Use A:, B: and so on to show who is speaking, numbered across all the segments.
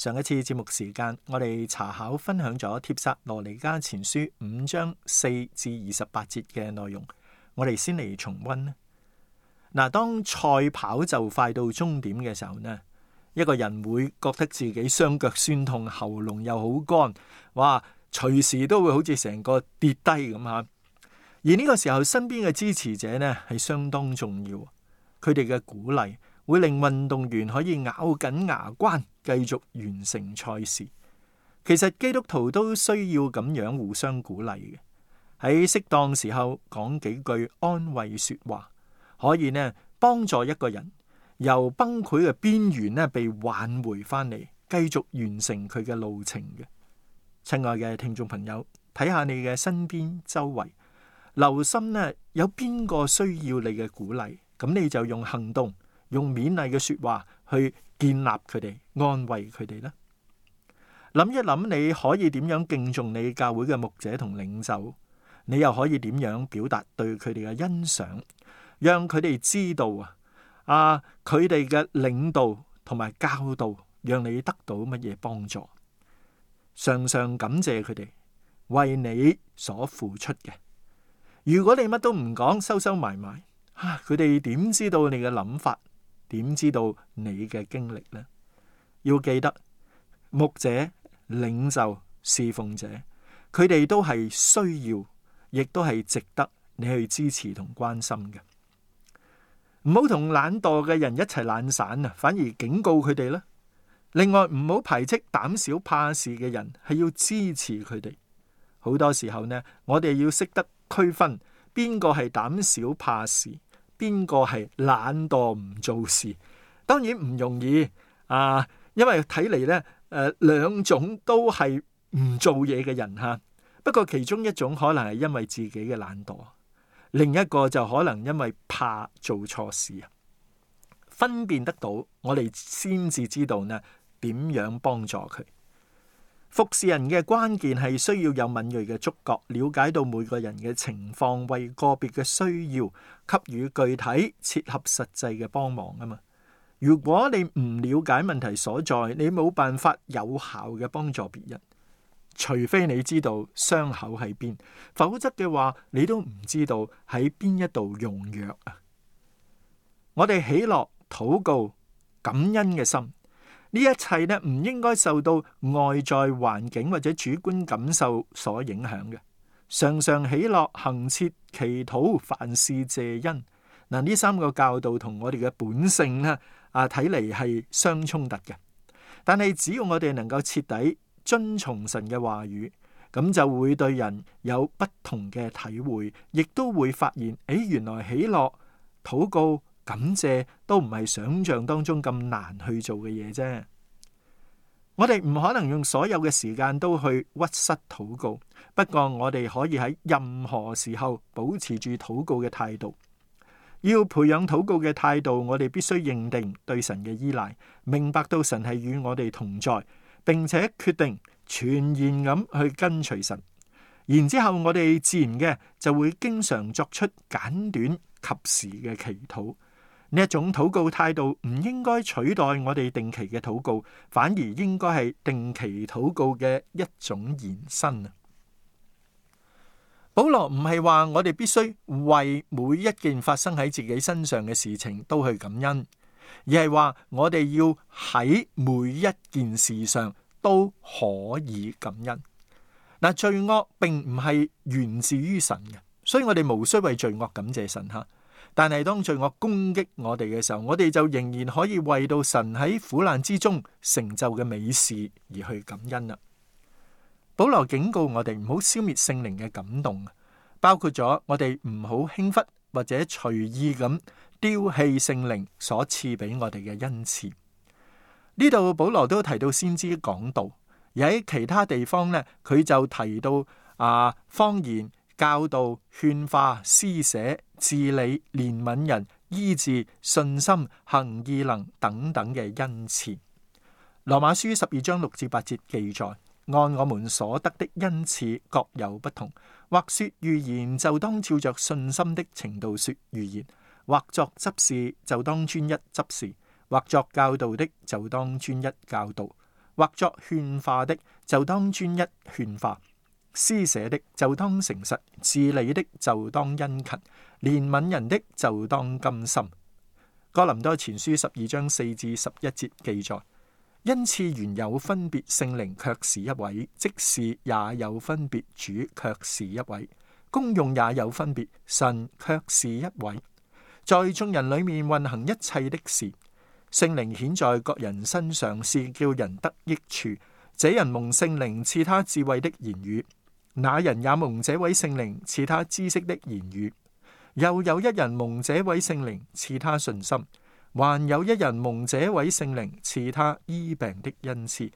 A: 上一次節目時間，我哋查考分享咗《帖撒羅尼迦前書》五章四至二十八節嘅內容，我哋先嚟重溫啦。嗱，當賽跑就快到終點嘅時候呢，一個人會覺得自己雙腳酸痛，喉嚨又好乾，哇，隨時都會好似成個跌低咁吓。而呢個時候，身邊嘅支持者呢係相當重要，佢哋嘅鼓勵。會令運動員可以咬緊牙關，繼續完成賽事。其實基督徒都需要咁樣互相鼓勵嘅。喺適當時候講幾句安慰說話，可以呢幫助一個人由崩潰嘅邊緣呢被挽回翻嚟，繼續完成佢嘅路程嘅。親愛嘅聽眾朋友，睇下你嘅身邊周圍，留心呢有邊個需要你嘅鼓勵，咁你就用行動。用勉勵嘅說話去建立佢哋，安慰佢哋咧。諗一諗，你可以點樣敬重你教會嘅牧者同領袖？你又可以點樣表達對佢哋嘅欣賞，讓佢哋知道啊？啊，佢哋嘅領導同埋教導，讓你得到乜嘢幫助？常常感謝佢哋為你所付出嘅。如果你乜都唔講，收收埋埋，啊，佢哋點知道你嘅諗法？點知道你嘅經歷呢？要記得牧者、領袖、侍奉者，佢哋都係需要，亦都係值得你去支持同關心嘅。唔好同懶惰嘅人一齊懶散啊！反而警告佢哋啦。另外，唔好排斥膽小怕事嘅人，係要支持佢哋。好多時候呢，我哋要識得區分邊個係膽小怕事。邊個係懶惰唔做事？當然唔容易啊！因為睇嚟呢，誒、啊，兩種都係唔做嘢嘅人吓。不過其中一種可能係因為自己嘅懶惰，另一個就可能因為怕做錯事啊。分辨得到，我哋先至知道呢點樣幫助佢。服侍人嘅關鍵係需要有敏銳嘅觸覺，了解到每個人嘅情況，為個別嘅需要給予具體、切合實際嘅幫忙啊！嘛，如果你唔了解問題所在，你冇辦法有效嘅幫助別人，除非你知道傷口喺邊，否則嘅話你都唔知道喺邊一度用藥啊！我哋喜樂、禱告、感恩嘅心。呢一切咧，唔應該受到外在環境或者主觀感受所影響嘅，常常喜樂、行切、祈禱，凡事謝恩嗱，呢三個教導同我哋嘅本性咧啊睇嚟，係相衝突嘅。但係只要我哋能夠徹底遵從神嘅話語，咁就會對人有不同嘅體會，亦都會發現，誒、哎、原來喜樂、禱告。感謝都唔係想象當中咁難去做嘅嘢啫。我哋唔可能用所有嘅時間都去屈膝禱告，不過我哋可以喺任何時候保持住禱告嘅態度。要培養禱告嘅態度，我哋必須認定對神嘅依賴，明白到神係與我哋同在，並且決定全然咁去跟隨神。然之後我哋自然嘅就會經常作出簡短及時嘅祈禱。呢一種禱告態度唔應該取代我哋定期嘅禱告，反而應該係定期禱告嘅一種延伸。啊，保羅唔係話我哋必須為每一件發生喺自己身上嘅事情都去感恩，而係話我哋要喺每一件事上都可以感恩。嗱，罪惡並唔係源自於神嘅，所以我哋無需為罪惡感謝神吓。但係當罪惡攻擊我哋嘅時候，我哋就仍然可以為到神喺苦難之中成就嘅美事而去感恩啦。保羅警告我哋唔好消滅聖靈嘅感動，包括咗我哋唔好輕忽或者隨意咁丟棄聖靈所賜俾我哋嘅恩賜。呢度保羅都提到先知講道，而喺其他地方呢，佢就提到啊方言。教導、勸化、施捨、治理、憐憫人、醫治、信心、行異能等等嘅恩賜。羅馬書十二章六至八節記載：按我們所得的恩賜各有不同。或說預言就當照着信心的程度說預言；或作執事就當專一執事；或作教導的就當專一教導；或作勸化的就當專一勸化。施捨的就當誠實，治理的就當殷勤，憐憫人的就當甘心。哥林多前書十二章四至十一節記載：恩賜原有分別，聖靈卻是一位；即是也有分別，主卻是一位；功用也有分別，神卻是一位，在眾人裏面運行一切的事。聖靈顯在各人身上是，是叫人得益處。這人蒙聖靈賜他智慧的言語。那人也蒙這位聖靈賜他知識的言語，又有一人蒙這位聖靈賜他信心，還有一人蒙這位聖靈賜他醫病的恩賜。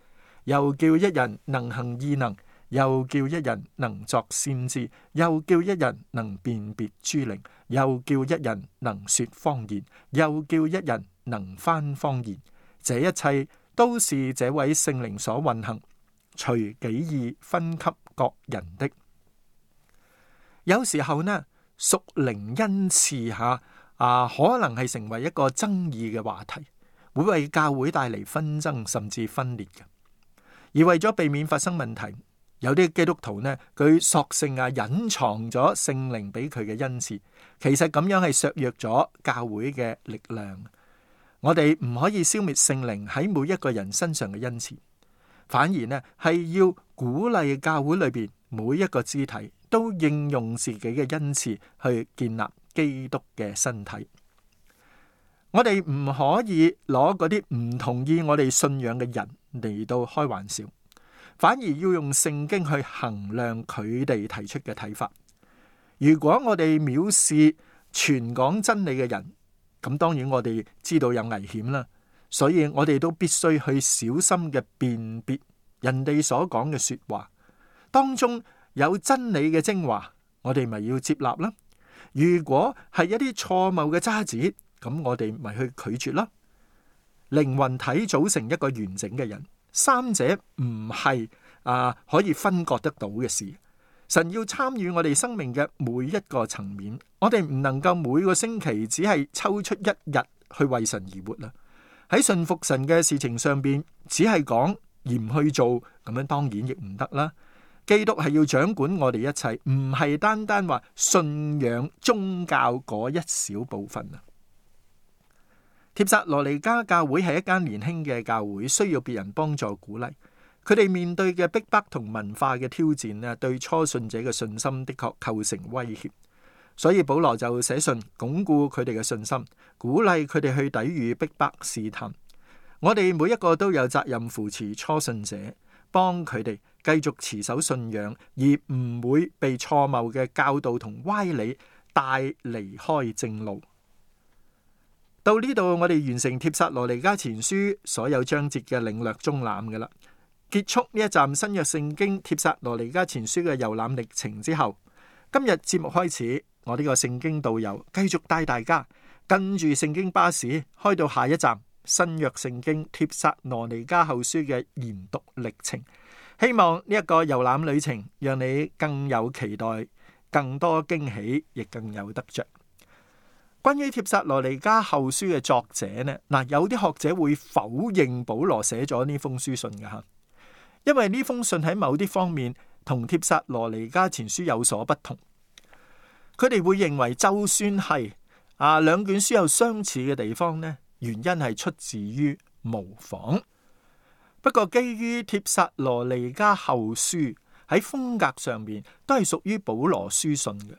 A: 又叫一人能行異能，又叫一人能作先知，又叫一人能辨別諸靈，又叫一人能說方言，又叫一人能翻方言。這一切都是這位聖靈所運行，隨己意分級。各人的。有時候呢，屬靈恩賜吓啊，可能係成為一個爭議嘅話題，會為教會帶嚟紛爭甚至分裂嘅。而為咗避免發生問題，有啲基督徒呢，佢索性啊，隱藏咗聖靈俾佢嘅恩賜，其實咁樣係削弱咗教會嘅力量。我哋唔可以消滅聖靈喺每一個人身上嘅恩賜。反而呢係要鼓勵教會裏邊每一個肢體都應用自己嘅恩賜去建立基督嘅身體。我哋唔可以攞嗰啲唔同意我哋信仰嘅人嚟到開玩笑，反而要用聖經去衡量佢哋提出嘅睇法。如果我哋藐視傳講真理嘅人，咁當然我哋知道有危險啦。所以我哋都必須去小心嘅辨別人哋所講嘅說話，當中有真理嘅精華，我哋咪要接納啦。如果係一啲錯謬嘅渣子，咁我哋咪去拒絕啦。靈魂體組成一個完整嘅人，三者唔係啊可以分割得到嘅事。神要參與我哋生命嘅每一個層面，我哋唔能夠每個星期只係抽出一日去為神而活啦。喺信服神嘅事情上邊，只係講而唔去做，咁樣當然亦唔得啦。基督係要掌管我哋一切，唔係單單話信仰宗教嗰一小部分啊。帖撒羅尼迦教會係一間年輕嘅教會，需要別人幫助鼓勵。佢哋面對嘅逼迫同文化嘅挑戰咧，對初信者嘅信心的確構成威脅。所以保羅就寫信鞏固佢哋嘅信心，鼓勵佢哋去抵禦逼迫試探。我哋每一個都有責任扶持初信者，幫佢哋繼續持守信仰，而唔會被錯謬嘅教導同歪理帶離開正路。到呢度，我哋完成《帖撒羅尼迦前書》所有章節嘅領略、中覽嘅啦。結束呢一站新約聖經《帖撒羅尼迦前書》嘅遊覽歷，歷程之後，今日節目開始。我呢個聖經導遊繼續帶大家跟住聖經巴士開到下一站新約聖經帖撒羅尼迦後書嘅研讀歷程，希望呢一個遊覽旅程讓你更有期待，更多驚喜，亦更有得着。關於帖撒羅尼迦後書嘅作者呢？嗱，有啲學者會否認保羅寫咗呢封書信嘅吓，因為呢封信喺某啲方面同帖撒羅尼迦前書有所不同。佢哋會認為，就算係啊，兩卷書有相似嘅地方呢，原因係出自於模仿不過基於帖撒羅尼迦後書喺風格上面都係屬於保羅書信嘅，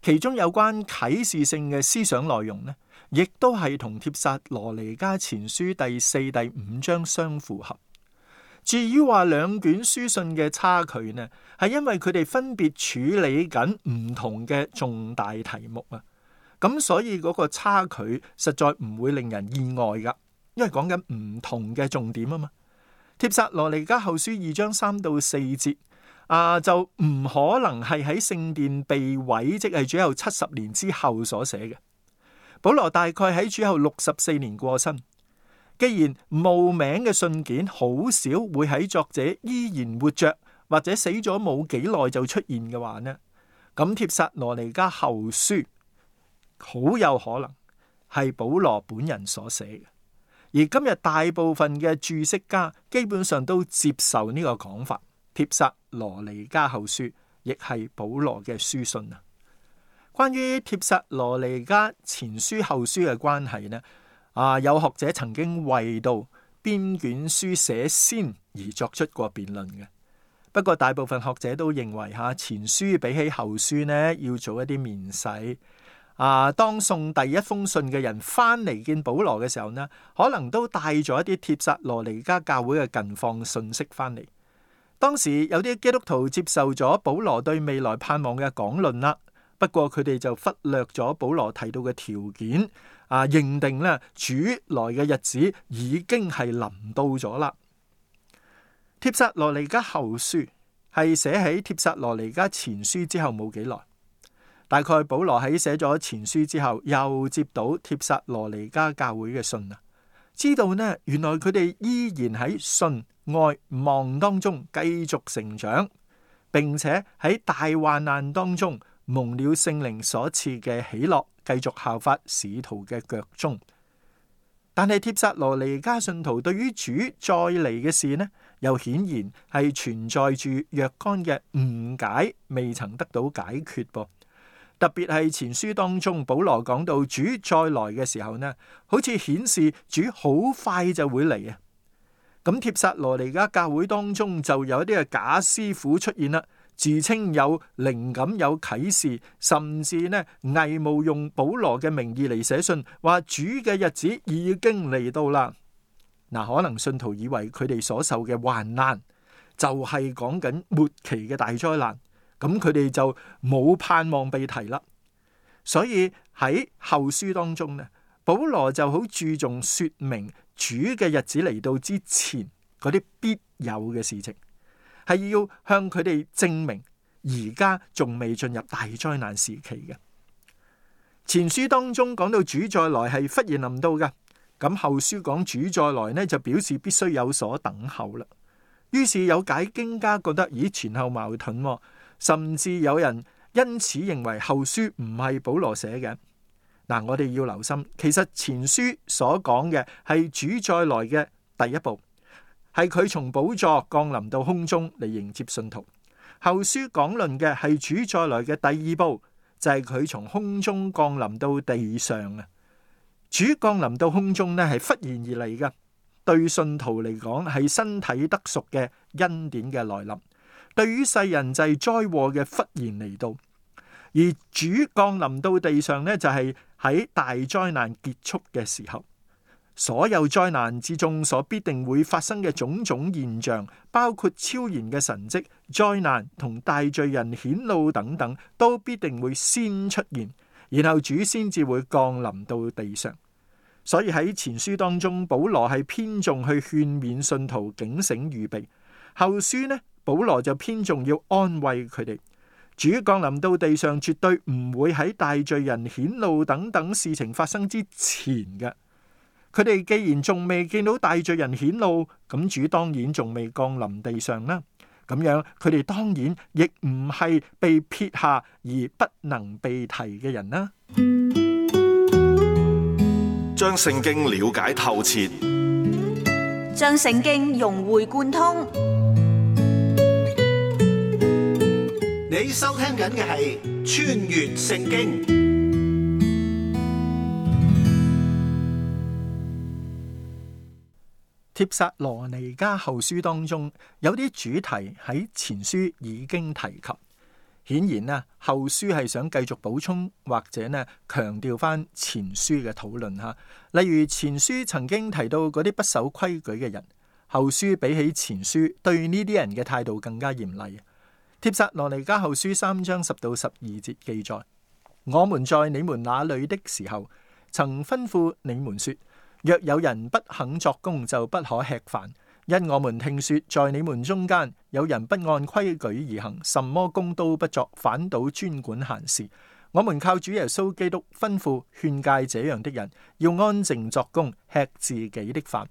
A: 其中有關啟示性嘅思想內容呢，亦都係同帖撒羅尼迦前書第四、第五章相符合。至於話兩卷書信嘅差距呢，係因為佢哋分別處理緊唔同嘅重大題目啊，咁所以嗰個差距實在唔會令人意外噶，因為講緊唔同嘅重點啊嘛。帖撒羅尼迦後書二章三到四節啊，就唔可能係喺聖殿被毀即係主後七十年之後所寫嘅。保羅大概喺主後六十四年過身。既然冒名嘅信件好少會喺作者依然活着或者死咗冇幾耐就出現嘅話呢，咁帖撒羅尼迦後書好有可能係保羅本人所寫嘅，而今日大部分嘅註釋家基本上都接受呢個講法，帖撒羅尼迦後書亦係保羅嘅書信啊。關於帖撒羅尼迦前書後書嘅關係呢，啊！有學者曾經為到邊卷書寫先而作出過辯論嘅，不過大部分學者都認為吓、啊、前書比起後書呢，要做一啲面世。啊，當送第一封信嘅人翻嚟見保羅嘅時候呢，可能都帶咗一啲帖撒羅尼加教會嘅近況信息翻嚟。當時有啲基督徒接受咗保羅對未來盼望嘅講論啦。不過佢哋就忽略咗保羅提到嘅條件，啊，認定咧主來嘅日子已經係臨到咗啦。帖撒羅尼加後書係寫喺帖撒羅尼加前書之後冇幾耐，大概保羅喺寫咗前書之後，又接到帖撒羅尼加教會嘅信啊，知道呢，原來佢哋依然喺信、愛、望當中繼續成長，並且喺大患難當中。蒙了聖靈所賜嘅喜樂，繼續效法使徒嘅腳蹤。但係帖撒羅尼迦信徒對於主再嚟嘅事呢，又顯然係存在住若干嘅誤解，未曾得到解決噃。特別係前書當中，保羅講到主再來嘅時候呢，好似顯示主好快就會嚟啊。咁帖撒羅尼迦教會當中就有一啲嘅假師傅出現啦。自稱有靈感、有啟示，甚至呢偽冒用保羅嘅名義嚟寫信，話主嘅日子已經嚟到啦。嗱，可能信徒以為佢哋所受嘅患難就係講緊末期嘅大災難，咁佢哋就冇盼望被提啦。所以喺後書當中呢，保羅就好注重說明主嘅日子嚟到之前嗰啲必有嘅事情。係要向佢哋證明，而家仲未進入大災難時期嘅。前書當中講到主再來係忽然臨到嘅，咁後書講主再來呢就表示必須有所等候啦。於是有解經家覺得，咦，前後矛盾啊？甚至有人因此認為後書唔係保羅寫嘅。嗱，我哋要留心，其實前書所講嘅係主再來嘅第一步。係佢從寶座降臨到空中嚟迎接信徒。後書講論嘅係主再來嘅第二步，就係、是、佢從空中降臨到地上啊！主降臨到空中咧，係忽然而嚟㗎，對信徒嚟講係身體得贖嘅恩典嘅來臨；對於世人就係災禍嘅忽然嚟到。而主降臨到地上咧，就係、是、喺大災難結束嘅時候。所有災難之中所必定會發生嘅種種現象，包括超然嘅神蹟、災難同大罪人顯露等等，都必定會先出現，然後主先至會降臨到地上。所以喺前書當中，保羅係偏重去勸勉信徒警醒預備；後書呢，保羅就偏重要安慰佢哋。主降臨到地上，絕對唔會喺大罪人顯露等等事情發生之前嘅。佢哋既然仲未見到大罪人顯露，咁主當然仲未降臨地上啦。咁樣，佢哋當然亦唔係被撇下而不能被提嘅人啦。將聖經了解透徹，嗯、將聖經融會貫通。你收聽緊嘅係《穿越聖經》。《帖撒羅尼加後書》當中有啲主題喺前書已經提及，顯然呢後書係想繼續補充或者呢強調翻前書嘅討論吓。例如前書曾經提到嗰啲不守規矩嘅人，後書比起前書對呢啲人嘅態度更加嚴厲。《帖撒羅尼加後書》三章十到十二節記載：我們在你們那裏的時候，曾吩咐你們說。若有人不肯作工，就不可吃飯。因我們聽說，在你們中間有人不按規矩而行，什麼工都不作，反倒專管閒事。我們靠主耶穌基督吩咐勸戒這樣的人，要安靜作工，吃自己的飯。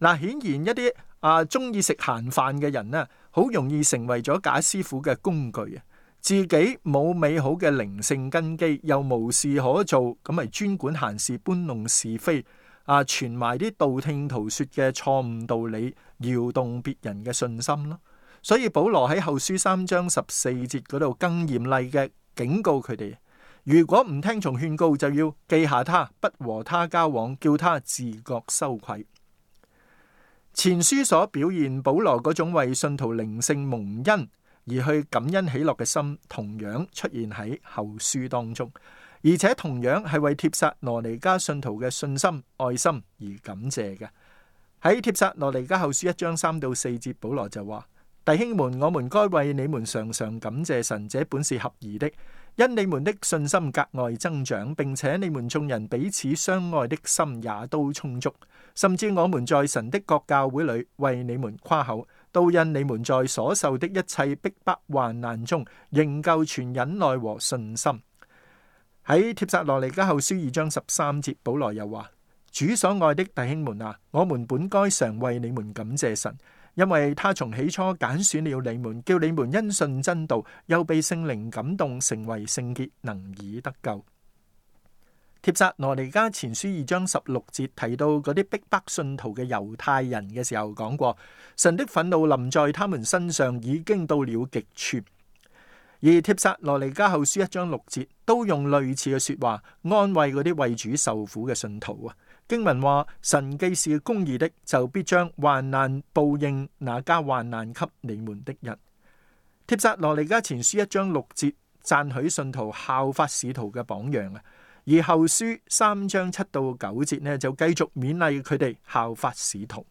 A: 嗱、呃，顯然一啲啊中意食閒飯嘅人呢，好容易成為咗假師傅嘅工具啊。自己冇美好嘅靈性根基，又無事可做，咁咪專管閒事，搬弄是非。啊！傳埋啲道聽途説嘅錯誤道理，搖動別人嘅信心咯。所以保羅喺後書三章十四節嗰度更嚴厲嘅警告佢哋：如果唔聽從勸告，就要記下他，不和他交往，叫他自覺羞愧。前書所表現保羅嗰種為信徒靈性蒙恩而去感恩喜樂嘅心，同樣出現喺後書當中。而且同樣係為帖撒羅尼迦信徒嘅信心、愛心而感謝嘅。喺帖撒羅尼迦後書一章三到四節，保羅就話：弟兄們，我們該為你們常常感謝神，這本是合宜的，因你們的信心格外增長，並且你們眾人彼此相愛的心也都充足。甚至我們在神的各教會裏為你們誇口，都因你們在所受的一切逼迫患難中，仍舊存忍耐和信心。喺帖撒羅尼迦後書二章十三節，保羅又話：主所愛的弟兄們啊，我們本該常為你們感謝神，因為他從起初揀選了你們，叫你們因信真道，又被聖靈感動，成為聖潔，能以得救。帖撒羅尼迦前書二章十六節提到嗰啲逼迫信徒嘅猶太人嘅時候過，講過神的憤怒臨在他們身上，已經到了極處。而帖撒羅尼迦後書一章六節都用類似嘅説話安慰嗰啲為主受苦嘅信徒啊。經文話：神既是公義的，就必將患難報應那加患難給你們的人。帖撒羅尼迦前書一章六節讚許信徒效法使徒嘅榜樣啊，而後書三章七到九節呢就繼續勉勵佢哋效法使徒。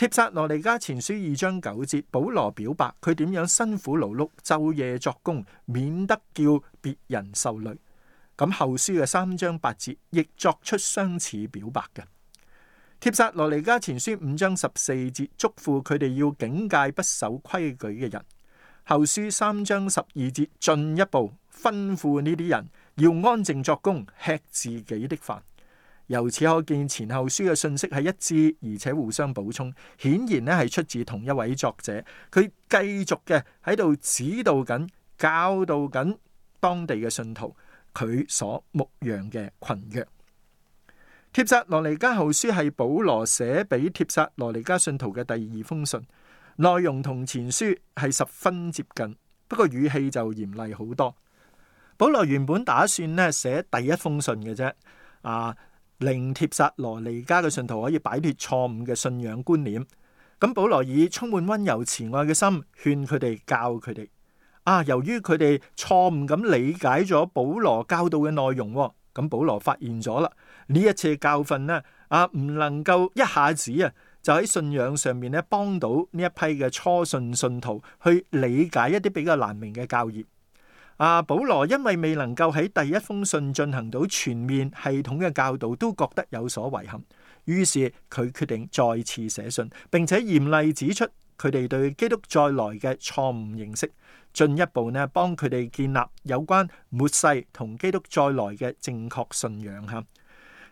A: 帖撒羅尼加前書二章九節，保羅表白佢點樣辛苦勞碌、晝夜作工，免得叫別人受累。咁後書嘅三章八節，亦作出相似表白嘅。帖撒羅尼加前書五章十四節，囑咐佢哋要警戒不守規矩嘅人。後書三章十二節，進一步吩咐呢啲人要安靜作工，吃自己的飯。由此可見，前後書嘅信息係一致，而且互相補充，顯然咧係出自同一位作者。佢繼續嘅喺度指導緊、教導緊當地嘅信徒，佢所牧養嘅群羊。帖撒羅尼迦後書係保羅寫俾帖撒羅尼迦信徒嘅第二封信，內容同前書係十分接近，不過語氣就嚴厲好多。保羅原本打算咧寫第一封信嘅啫，啊。令帖撒羅尼加嘅信徒可以擺脫錯誤嘅信仰觀念，咁保羅以充滿溫柔慈愛嘅心勸佢哋，教佢哋。啊，由於佢哋錯誤咁理解咗保羅教導嘅內容，咁保羅發現咗啦，呢一次教訓呢，啊唔能夠一下子啊就喺信仰上面呢幫到呢一批嘅初信信徒去理解一啲比較難明嘅教義。阿、啊、保羅因為未能夠喺第一封信進行到全面系統嘅教導，都覺得有所遺憾，於是佢決定再次寫信，並且嚴厲指出佢哋對基督再來嘅錯誤認識，進一步呢幫佢哋建立有關末世同基督再來嘅正確信仰吓。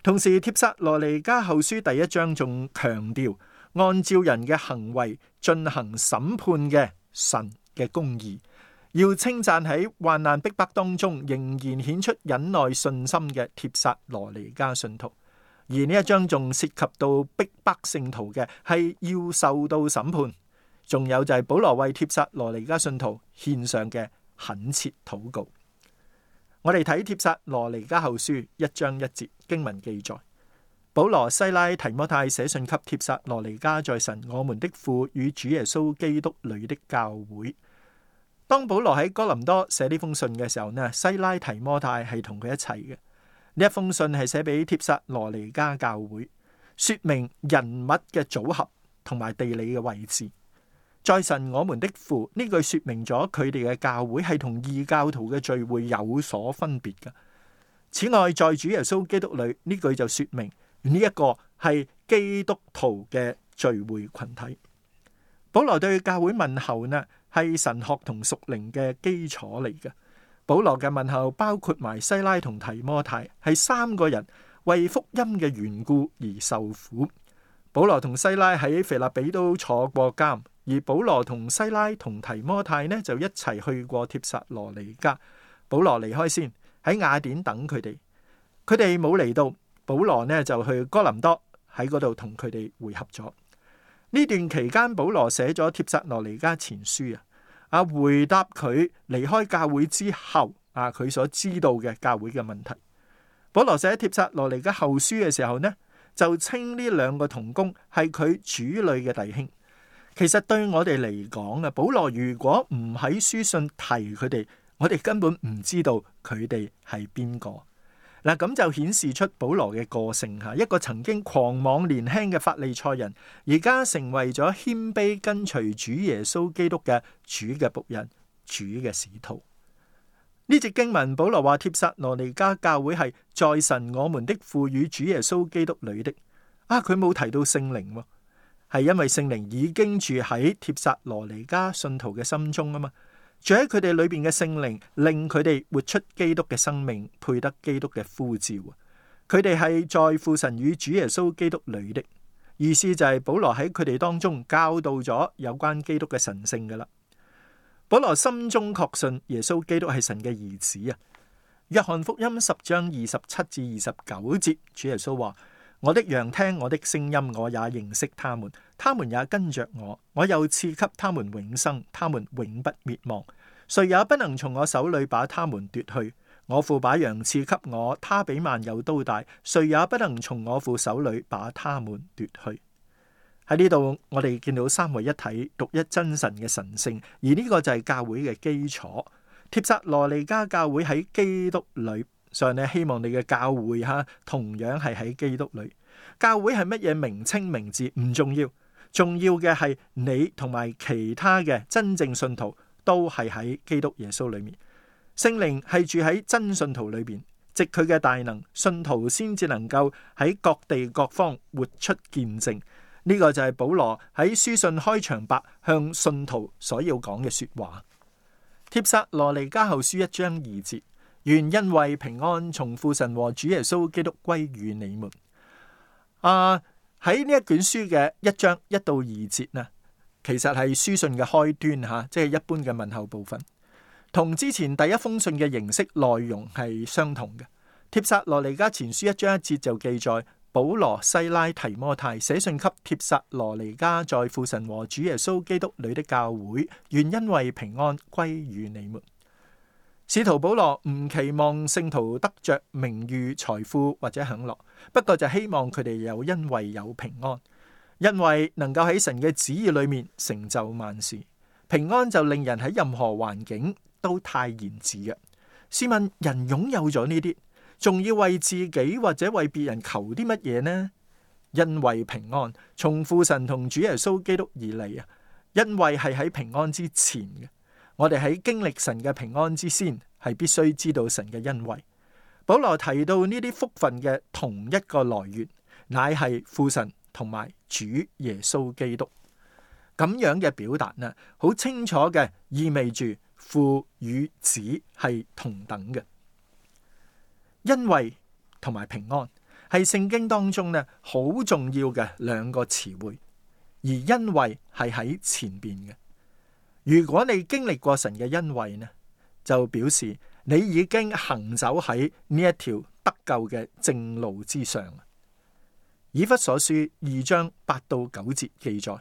A: 同時，帖撒羅尼迦後書第一章仲強調，按照人嘅行為進行審判嘅神嘅公義。要稱讚喺患難逼迫當中仍然顯出忍耐信心嘅帖撒羅尼加信徒，而呢一章仲涉及到逼迫聖徒嘅係要受到審判，仲有就係保羅為帖撒羅尼加信徒獻上嘅懇切禱告。我哋睇帖撒羅尼加後書一章一節經文記載，保羅西拉提摩太寫信給帖撒羅尼加在神我們的父與主耶穌基督裏的教會。當保羅喺哥林多寫呢封信嘅時候呢，西拉提摩太係同佢一齊嘅。呢一封信係寫俾帖撒羅尼加教會，說明人物嘅組合同埋地理嘅位置。在神我們的父呢句說明咗佢哋嘅教會係同異教徒嘅聚會有所分別噶。此外，在主耶穌基督裡呢句就說明呢一個係基督徒嘅聚會群體。保羅對教會問候呢？係神學同屬靈嘅基礎嚟嘅。保羅嘅問候包括埋西拉同提摩太，係三個人為福音嘅緣故而受苦。保羅同西拉喺腓立比都坐過監，而保羅同西拉同提摩太呢就一齊去過帖撒羅尼加。保羅離開先喺雅典等佢哋，佢哋冇嚟到，保羅呢就去哥林多喺嗰度同佢哋會合咗。呢段期間，保羅寫咗帖撒羅尼加前書啊，啊回答佢離開教會之後啊，佢所知道嘅教會嘅問題。保羅寫帖撒羅尼加後書嘅時候呢，就稱呢兩個同工係佢主裡嘅弟兄。其實對我哋嚟講啊，保羅如果唔喺書信提佢哋，我哋根本唔知道佢哋係邊個。嗱，咁就顯示出保羅嘅個性吓，一個曾經狂妄年輕嘅法利賽人，而家成為咗謙卑跟隨主耶穌基督嘅主嘅僕人、主嘅使徒。呢隻經文保羅話：帖撒羅尼迦教會係在神我們的父與主耶穌基督裏的。啊，佢冇提到聖靈啊，係因為聖靈已經住喺帖撒羅尼迦信徒嘅心中啊嘛。住喺佢哋裏邊嘅聖靈，令佢哋活出基督嘅生命，配得基督嘅呼召啊！佢哋係在父神與主耶穌基督裏的，意思就係保羅喺佢哋當中教導咗有關基督嘅神性噶啦。保羅心中確信耶穌基督係神嘅兒子啊！約翰福音十章二十七至二十九節，主耶穌話：我的羊聽我的聲音，我也認識他們。他們也跟着我，我又賜給他們永生，他們永不滅亡，誰也不能從我手裏把他們奪去。我父把羊賜給我，他比萬有都大，誰也不能從我父手裏把他們奪去。喺呢度，我哋見到三位一體、獨一真神嘅神聖，而呢個就係教會嘅基礎。帖撒羅尼迦教會喺基督裏，上帝希望你嘅教會哈，同樣係喺基督裏。教會係乜嘢名稱名字唔重要。重要嘅係你同埋其他嘅真正信徒都係喺基督耶穌裏面，聖靈係住喺真信徒裏邊，藉佢嘅大能，信徒先至能夠喺各地各方活出見證。呢、這個就係保羅喺書信開場白向信徒所要講嘅說話。帖撒羅尼迦後書一章二節，願恩惠平安從父神和主耶穌基督歸於你們。啊！喺呢一卷書嘅一章一到二節呢，其實係書信嘅開端吓，啊，即係一般嘅問候部分，同之前第一封信嘅形式內容係相同嘅。帖撒羅尼迦前書一章一節就記載保羅西拉提摩太寫信給帖撒羅尼迦在父神和主耶穌基督裡的教會，願恩惠平安歸於你們。使徒保羅唔期望聖徒得着名譽、財富或者享樂，不過就希望佢哋有恩惠有平安，因為能夠喺神嘅旨意裏面成就萬事。平安就令人喺任何環境都泰然自若。試問，人擁有咗呢啲，仲要為自己或者為別人求啲乜嘢呢？因為平安從父神同主耶穌基督而嚟啊，恩惠係喺平安之前嘅。我哋喺經歷神嘅平安之先，係必須知道神嘅恩惠。保羅提到呢啲福分嘅同一個來源，乃係父神同埋主耶穌基督。咁樣嘅表達呢，好清楚嘅意味住父與子係同等嘅。恩惠同埋平安係聖經當中呢好重要嘅兩個詞彙，而恩惠係喺前面嘅。如果你經歷過神嘅恩惠呢，就表示你已經行走喺呢一條得救嘅正路之上。以弗所書二章八到九節記載：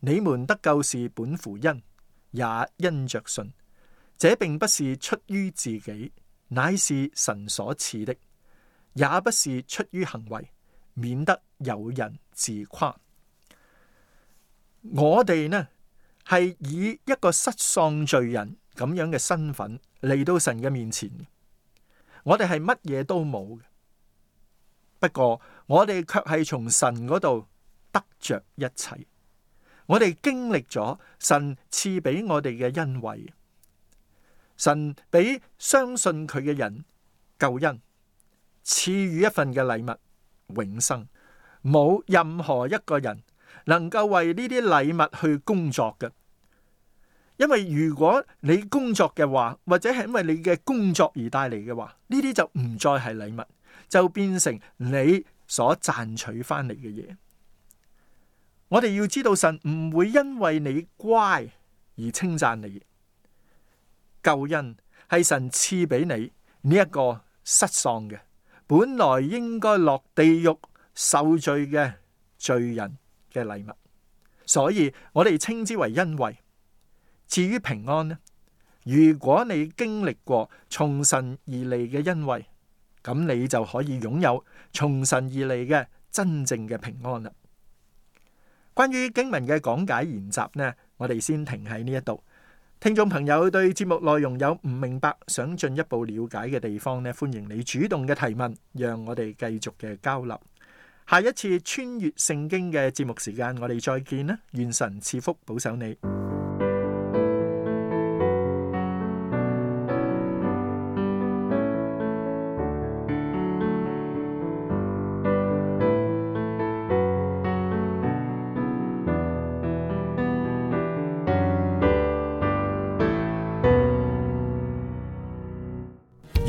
A: 你們得救是本乎恩，也因着信。這並不是出於自己，乃是神所賜的；也不是出於行為，免得有人自誇。我哋呢？係以一個失喪罪人咁樣嘅身份嚟到神嘅面前，我哋係乜嘢都冇嘅。不過我哋卻係從神嗰度得着一切。我哋經歷咗神賜俾我哋嘅恩惠，神俾相信佢嘅人救恩，賜予一份嘅禮物永生。冇任何一個人能夠為呢啲禮物去工作嘅。因為如果你工作嘅話，或者係因為你嘅工作而帶嚟嘅話，呢啲就唔再係禮物，就變成你所賺取翻嚟嘅嘢。我哋要知道，神唔會因為你乖而稱讚你。救恩，係神賜俾你呢一個失喪嘅，本來應該落地獄受罪嘅罪人嘅禮物，所以我哋稱之為恩惠。至於平安呢？如果你經歷過從神而來嘅恩惠，咁你就可以擁有從神而來嘅真正嘅平安啦。關於經文嘅講解研習呢，我哋先停喺呢一度。聽眾朋友對節目內容有唔明白、想進一步了解嘅地方呢，歡迎你主動嘅提問，讓我哋繼續嘅交流。下一次穿越聖經嘅節目時間，我哋再見啦！願神賜福保守你。